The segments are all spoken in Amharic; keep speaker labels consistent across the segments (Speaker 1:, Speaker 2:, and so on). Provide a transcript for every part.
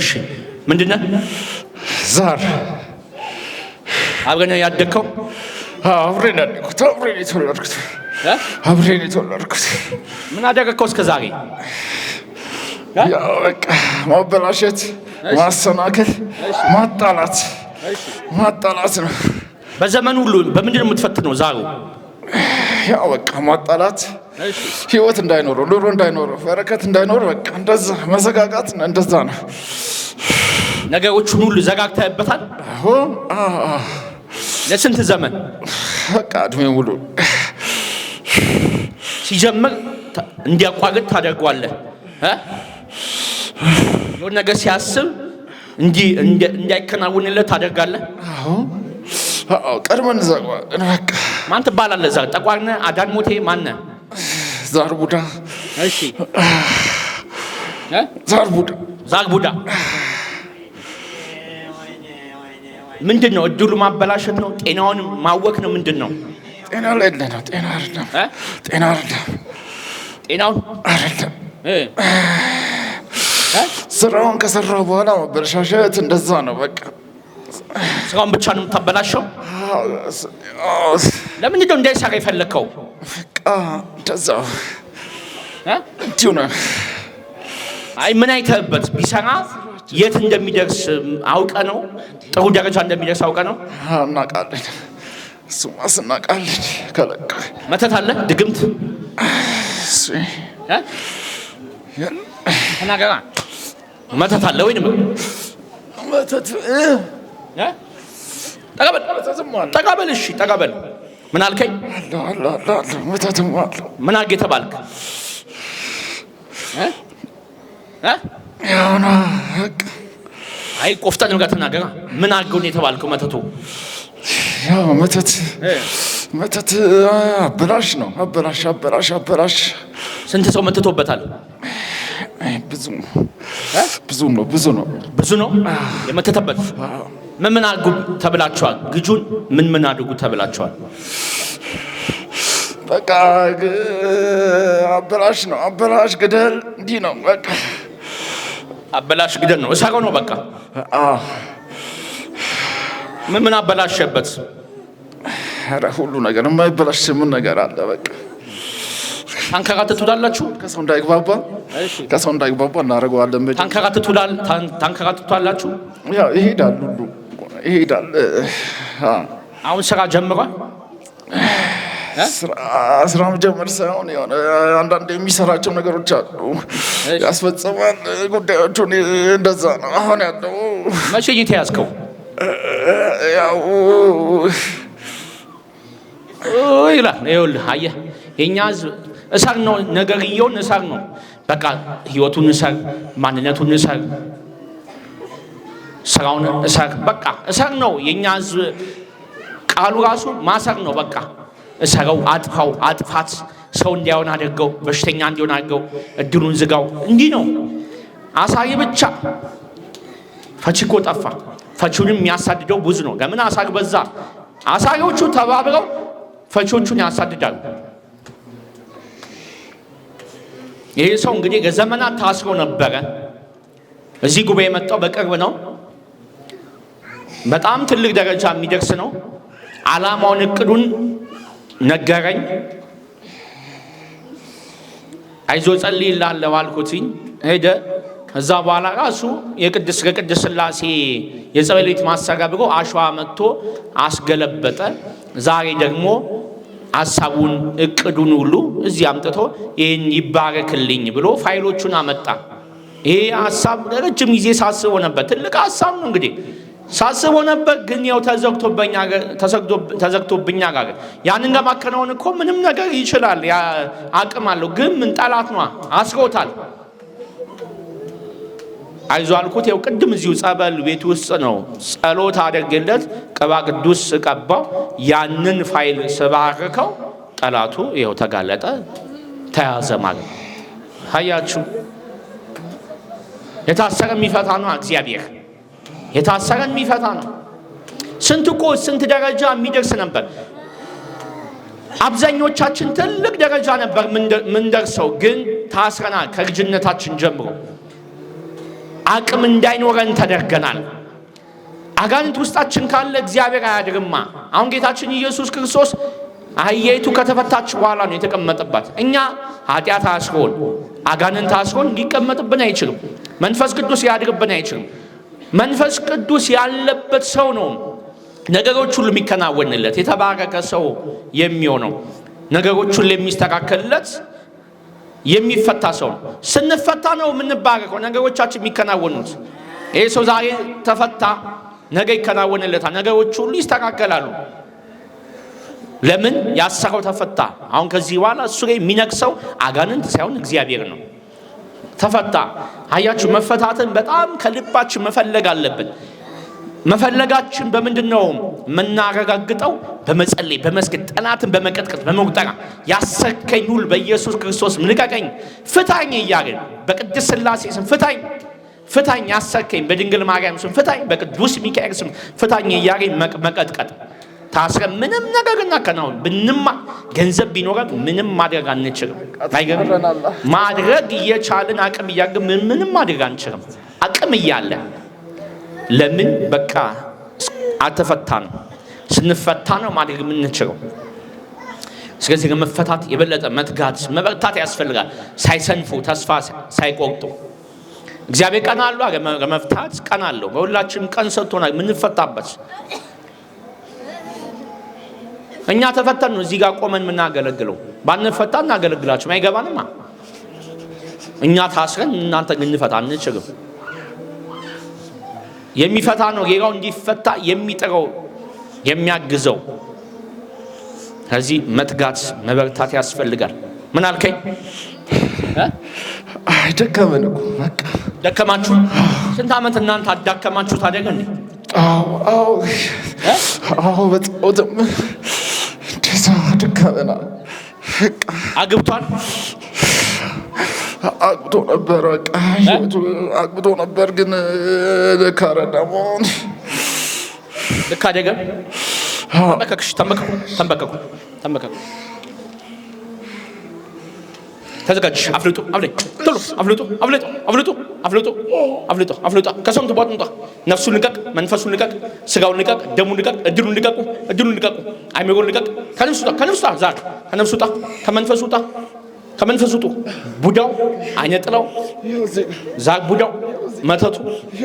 Speaker 1: እሺ ምንድነው? ዛር አብረን ያደግከው?
Speaker 2: አብሬን ያደግኩት፣ አብሬን የተወለድኩት፣ አብሬን የተወለድኩት።
Speaker 1: ምን አደረግከው እስከ ዛሬ?
Speaker 2: በቃ ማበላሸት፣ ማሰናከል፣ ማጣላት ማጣላት ነው።
Speaker 1: በዘመኑ ሁሉ በምንድን ነው የምትፈትነው ዛሩ?
Speaker 2: ያው በቃ ማጣላት ህይወት እንዳይኖረው ኑሮ እንዳይኖረው በረከት እንዳይኖር በቃ እንደዛ መዘጋጋት እንደዛ ነው።
Speaker 1: ነገሮቹን ሁሉ ዘጋግተህበታል። ለስንት ዘመን
Speaker 2: በቃ እድሜ ሙሉ
Speaker 1: ሲጀምር እንዲያቋርጥ ታደርጓለህ። የሆነ ነገር ሲያስብ እንዲያይከናውንለት ታደርጋለህ።
Speaker 2: ቀድመን ዘጓ በቃ
Speaker 1: ማን ትባላለ እዛ ጠቋርነ አዳን ሞቴ ማነ? ዛር ቡዳ። እሺ ዛር ቡዳ፣ ዛር ቡዳ ምንድን ነው? እድሉ ማበላሸት ነው? ጤናውን ማወክ ነው? ምንድን ነው?
Speaker 2: ጤና ነው። ጤና አይደለም፣ ጤና አይደለም፣ ጤናውን አይደለም። ስራውን ከሰራው በኋላ መበላሸት እንደዛ ነው። በቃ
Speaker 1: ስራውን ብቻ ነው የምታበላሸው። ለምን ደው እንዳይሰራ የፈለግከው?
Speaker 2: በቃ እንደዛ እንዲሁ ነው።
Speaker 1: አይ ምን አይተህበት ቢሰራ የት እንደሚደርስ አውቀ ነው? ጥሩ ደረጃ እንደሚደርስ አውቀ ነው?
Speaker 2: እናቃለን፣ እሱማ ስናውቃለን። ከለቅ
Speaker 1: መተት አለ ድግምት ተናገራ መተት አለ ወይ? መተት ጠቀበል ጠቀበል እሺ ጠቀበል ምን አልከኝ? ምን አድርጌ ተባልክ? አይ ቆፍጠን ጋር ተናገራ። ምን አድርገውን የተባልከው? መተቱ
Speaker 2: ያው መተት መተት አበላሽ ነው። አበላሽ አበላሽ አበላሽ።
Speaker 1: ስንት ሰው መተቶበታል? ብዙ ብዙ ነው ብዙ ነው ብዙ ነው የመተተበት ምን ምን አድርጉ ተብላችኋል? ግጁን ምን ምን አድርጉ ተብላችኋል?
Speaker 2: በቃ አበላሽ ነው። አበላሽ ግደል፣ እንዲህ ነው በቃ
Speaker 1: አበላሽ ግደል ነው። እሰረው ነው በቃ። ምን ምን አበላሸበት?
Speaker 2: ኧረ ሁሉ ነገር የማይበላሽ ስምን ነገር አለ? በቃ
Speaker 1: ታንከራትት ትውላላችሁ።
Speaker 2: ከሰው እንዳይግባባ ከሰው እንዳይግባባ እናደርገዋለን።
Speaker 1: ታንከራትት ትውላላችሁ።
Speaker 2: ይሄዳል ሁሉ ይሄዳል።
Speaker 1: አሁን ስራ ጀምሯል።
Speaker 2: ስራ መጀመር ሳይሆን የሆነ አንዳንድ የሚሰራቸው ነገሮች አሉ፣ ያስፈጽማል ጉዳዮቹን። እንደዛ ነው አሁን ያለው።
Speaker 1: መቼ የተያዝከው? ያው ይላል። ይኸውልህ፣ አየህ የእኛ ህዝብ እሰር ነው፣ ነገርየውን እሰር ነው። በቃ ህይወቱን እሰር፣ ማንነቱን እሰር ስራውን እሰር በቃ እሰር ነው የእኛ ህዝብ ቃሉ ራሱ ማሰር ነው በቃ እሰረው፣ አጥፋው፣ አጥፋት፣ ሰው እንዲያሆን አድርገው፣ በሽተኛ እንዲሆን አድርገው፣ እድሉን ዝጋው። እንዲህ ነው አሳሪ ብቻ። ፈቺ እኮ ጠፋ። ፈቺውንም የሚያሳድደው ብዙ ነው። ለምን አሳሪ በዛ? አሳሪዎቹ ተባብረው ፈቺዎቹን ያሳድዳሉ። ይህ ሰው እንግዲህ ለዘመናት ታስሮ ነበረ። እዚህ ጉባኤ የመጣው በቅርብ ነው። በጣም ትልቅ ደረጃ የሚደርስ ነው። ዓላማውን እቅዱን ነገረኝ። አይዞ ጸልይ ይላለሁ አልኩትኝ። ሄደ። ከዛ በኋላ ራሱ የቅድስ ከቅድስ ስላሴ የጸበሌት ማሰሪያ ብሎ አሸዋ መጥቶ አስገለበጠ። ዛሬ ደግሞ ሀሳቡን እቅዱን ሁሉ እዚህ አምጥቶ ይህን ይባረክልኝ ብሎ ፋይሎቹን አመጣ። ይሄ ሀሳብ ለረጅም ጊዜ ሳስቦ ነበር። ትልቅ ሀሳብ ነው እንግዲህ ሳስቦ ነበር፣ ግን ያው ተዘግቶብኛ አለ። ያንን ለማከናወን እኮ ምንም ነገር ይችላል፣ አቅም አለው። ግን ምን ጠላት ነ አስሮታል። አይዞ አልኩት። ው ቅድም እዚሁ ጸበል ቤት ውስጥ ነው ጸሎት አደርግለት ቅባ ቅዱስ ቀባው። ያንን ፋይል ስባርከው ጠላቱ ው ተጋለጠ፣ ተያዘ ማለት ነው። የታሰረ የሚፈታ ነው እግዚአብሔር የታሰረን የሚፈታ ነው። ስንት እኮ ስንት ደረጃ የሚደርስ ነበር። አብዛኞቻችን ትልቅ ደረጃ ነበር ምንደርሰው፣ ግን ታስረናል። ከልጅነታችን ጀምሮ አቅም እንዳይኖረን ተደርገናል። አጋንንት ውስጣችን ካለ እግዚአብሔር አያድርማ። አሁን ጌታችን ኢየሱስ ክርስቶስ አህያይቱ ከተፈታች በኋላ ነው የተቀመጠባት። እኛ ኃጢአት አስሮን አጋንንት አስሮን ሊቀመጥብን አይችልም። መንፈስ ቅዱስ ሊያድርብን አይችልም። መንፈስ ቅዱስ ያለበት ሰው ነው ነገሮች ሁሉ የሚከናወንለት የተባረከ ሰው የሚሆነው ነገሮች ሁሉ የሚስተካከልለት የሚፈታ ሰው ነው። ስንፈታ ነው የምንባረከው ነገሮቻችን የሚከናወኑት። ይህ ሰው ዛሬ ተፈታ፣ ነገ ይከናወንለታል፣ ነገሮች ሁሉ ይስተካከላሉ። ለምን ያሰረው ተፈታ። አሁን ከዚህ በኋላ እሱ ላይ የሚነግሰው አጋንንት ሳይሆን እግዚአብሔር ነው። ተፈታ። አያችሁ፣ መፈታትን በጣም ከልባችን መፈለግ አለብን። መፈለጋችን በምንድን ነው የምናረጋግጠው? በመጸለይ በመስገድ ጠላትን በመቀጥቀጥ በመቁጠራ ያሰርከኝ ሁል በኢየሱስ ክርስቶስ ምልቀቀኝ፣ ፍታኝ እያልን በቅድስት ስላሴ ስም ፍታኝ ፍታኝ፣ ያሰከኝ በድንግል ማርያም ስም ፍታኝ፣ በቅዱስ ሚካኤል ስም ፍታኝ እያገኝ መቀጥቀጥ ታስረን ምንም ነገር እናከናውን ብንማ ገንዘብ ቢኖረን ምንም ማድረግ አንችልም። አይገርም? ማድረግ እየቻልን አቅም እያገ ምንም ማድረግ አንችልም። አቅም እያለ ለምን በቃ አልተፈታ ነው። ስንፈታ ነው ማድረግ የምንችለው። ስለዚህ ለመፈታት የበለጠ መትጋት መበርታት ያስፈልጋል። ሳይሰንፉ ተስፋ ሳይቆርጡ እግዚአብሔር ቀን አሉ ለመፍታት ቀን አለው። በሁላችንም ቀን ሰጥቶናል የምንፈታበት እኛ ተፈተን ነው እዚህ ጋር ቆመን የምናገለግለው። ባንፈታ እናገለግላችሁም አይገባንማ። እኛ ታስረን እናንተ ልንፈታ አንችልም። የሚፈታ ነው ጌራው እንዲፈታ የሚጥረው የሚያግዘው። ከዚህ መትጋት መበርታት ያስፈልጋል። ምን አልከኝ?
Speaker 2: ደከመን እኮ በቃ
Speaker 1: ደከማችሁ። ስንት ዓመት እናንተ አዳከማችሁት አደገ እንዴ?
Speaker 2: አዎ አዎ አዎ በጣም አግብቷል አግብቶ ነበር። በቃ አግብቶ ነበር፣ ግን ልክ አረዳሞ
Speaker 1: ልክ አደገ። ተንበከኩ ተንበከኩ ተንበከኩ ተዘጋጅ። አፍልጦ አፍልጦ ቶሎ አፍልጦ አፍልጦ አፍልጦ አፍልጦ አፍልጦ አፍልጦ ከሰምቱ ባትንጣ ነፍሱን ልቀቅ፣ መንፈሱን ልቀቅ፣ ስጋውን ልቀቅ፣ ደሙን ልቀቅ፣ እድሉን ልቀቁ፣ እድሉን ልቀቁ፣ አይምሮን ልቀቅ። ከነፍሱ ጣ ከነፍሱ ጣ ዛር ከነፍሱ ጣ ከመንፈሱ ጣ ከመንፈሱ ጡ ቡዳው አኘጥላው ዛግ ቡዳው መተቱ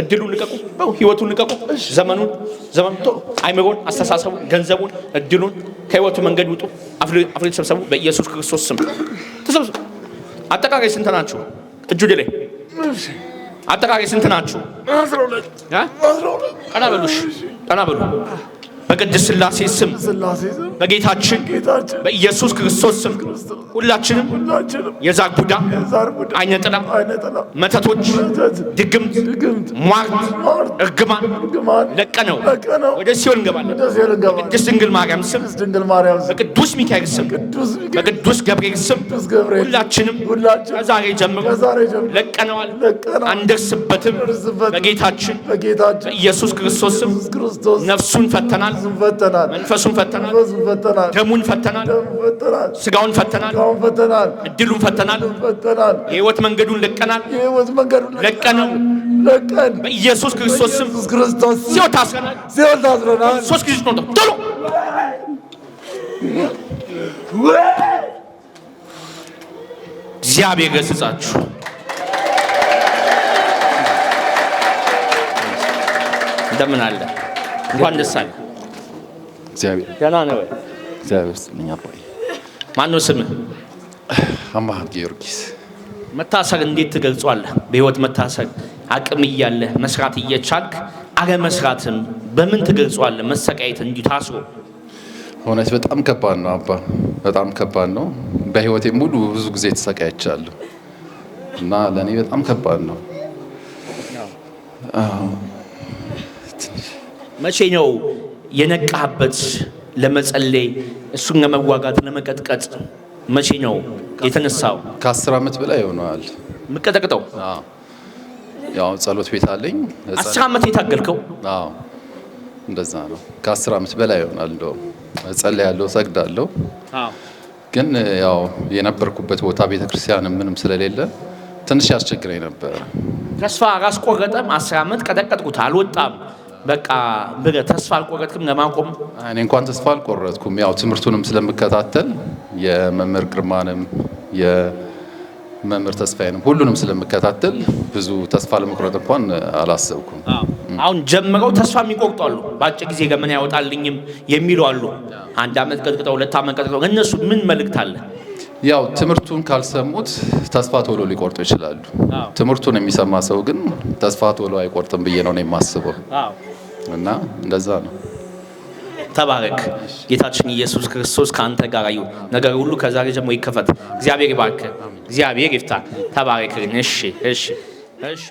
Speaker 1: እድሉን ልቀቁ፣ ህይወቱን ልቀቁ፣ ዘመኑን ዘመኑ አይምሮን፣ አስተሳሰቡን፣ ገንዘቡን፣ እድሉን ከህይወቱ መንገድ ውጡ። አፍሪ ተሰብሰቡ በኢየሱስ ክርስቶስ ስም ተሰብሰቡ። አጠቃላይ ስንት ናችሁ? እጁ ላይ አጠቃላይ ስንት ናችሁ? ቀና በሉሽ፣ ቀና በሉ በቅድስት ስላሴ ስም በጌታችን በኢየሱስ ክርስቶስ ስም ሁላችንም የዛር ቡዳ፣ አይነ ጥላ፣ መተቶች፣ ድግምት፣ ሟርት፣ እርግማን ለቀነው ወደ ሲዮን እንገባለን። በቅድስት ድንግል ማርያም ስም በቅዱስ ሚካኤል ስም በቅዱስ ገብርኤል ስም ሁላችንም ከዛሬ ጀምሮ ለቀነዋል፣ አንደርስበትም። በጌታችን በኢየሱስ ክርስቶስ ስም ነፍሱን ፈተናል። ፈተናል፣ መንፈሱን ፈተናል፣ ደሙን ፈተናል፣ ስጋውን ፈተናል፣ እድሉን ፈተናል፣ የህይወት መንገዱን ለቀናል፣ ለቀነው በኢየሱስ ክርስቶስ ስም ሲኦል ጊዜ ነው። እግዚአብሔር ገስጻችሁ እንደምን አለ። እንኳን ደስ አለ። እግዚአብሔር ደህና ነህ ወይ?
Speaker 2: እግዚአብሔር ይመስገን አባዬ። ማነው ስምህ? አምሃ ጊዮርጊስ።
Speaker 1: መታሰር እንዴት ትገልጿለህ? በህይወት መታሰር አቅም እያለህ መስራት እየቻልክ አለመስራትም በምን ትገልጿለህ? መሰቃየት እንዲሁ ታስሮ
Speaker 2: እውነት በጣም ከባድ ነው አባ፣ በጣም ከባድ ነው። በህይወቴ ሙሉ ብዙ ጊዜ ተሰቃይቻለሁ እና ለእኔ በጣም ከባድ ነው።
Speaker 1: መቼ ነው የነቃህበት ለመጸለይ እሱን ለመዋጋት ለመቀጥቀጥ መቼ ነው የተነሳው?
Speaker 2: ከአስር ዓመት በላይ ይሆነዋል። ምቀጠቅጠው ያው ጸሎት ቤት አለኝ።
Speaker 1: አስር ዓመት የታገልከው?
Speaker 2: አዎ እንደዛ ነው። ከአስር ዓመት በላይ ይሆናል። እንደውም እጸልያለሁ፣ እሰግዳለሁ። ግን ያው የነበርኩበት ቦታ ቤተክርስቲያንም ምንም ስለሌለ ትንሽ ያስቸግረኝ ነበር።
Speaker 1: ተስፋ ራስ ቆረጠም። አስር ዓመት ቀጠቀጥኩት፣ አልወጣም በቃ ተስፋ አልቆረጥክም ለማቆም?
Speaker 2: እኔ እንኳን ተስፋ አልቆረጥኩም። ያው ትምህርቱንም ስለምከታተል የመምህር ግርማንም የመምህር ተስፋዬንም ሁሉንም ስለምከታተል ብዙ ተስፋ ለመቁረጥ እንኳን አላሰብኩም።
Speaker 1: አሁን ጀምረው ተስፋ የሚቆርጡ አሉ። በአጭር ጊዜ ገመና ያወጣልኝም የሚሉ አሉ። አንድ አመት ቀጥቅጠው፣ ሁለት አመት ቀጥቅጠው፣ እነሱ ምን መልእክት አለ?
Speaker 2: ያው ትምህርቱን ካልሰሙት ተስፋ ቶሎ ሊቆርጡ ይችላሉ። ትምህርቱን የሚሰማ ሰው ግን ተስፋ ቶሎ አይቆርጥም ብዬ ነው የማስበው እና እንደዛ ነው።
Speaker 1: ተባረክ ጌታችን ኢየሱስ ክርስቶስ ከአንተ ጋር ይሁን። ነገር ሁሉ ከዛሬ ጀምሮ ይከፈት። እግዚአብሔር ይባርክ፣ እግዚአብሔር ይፍታ። ተባረክ። እሺ፣ እሺ፣ እሺ።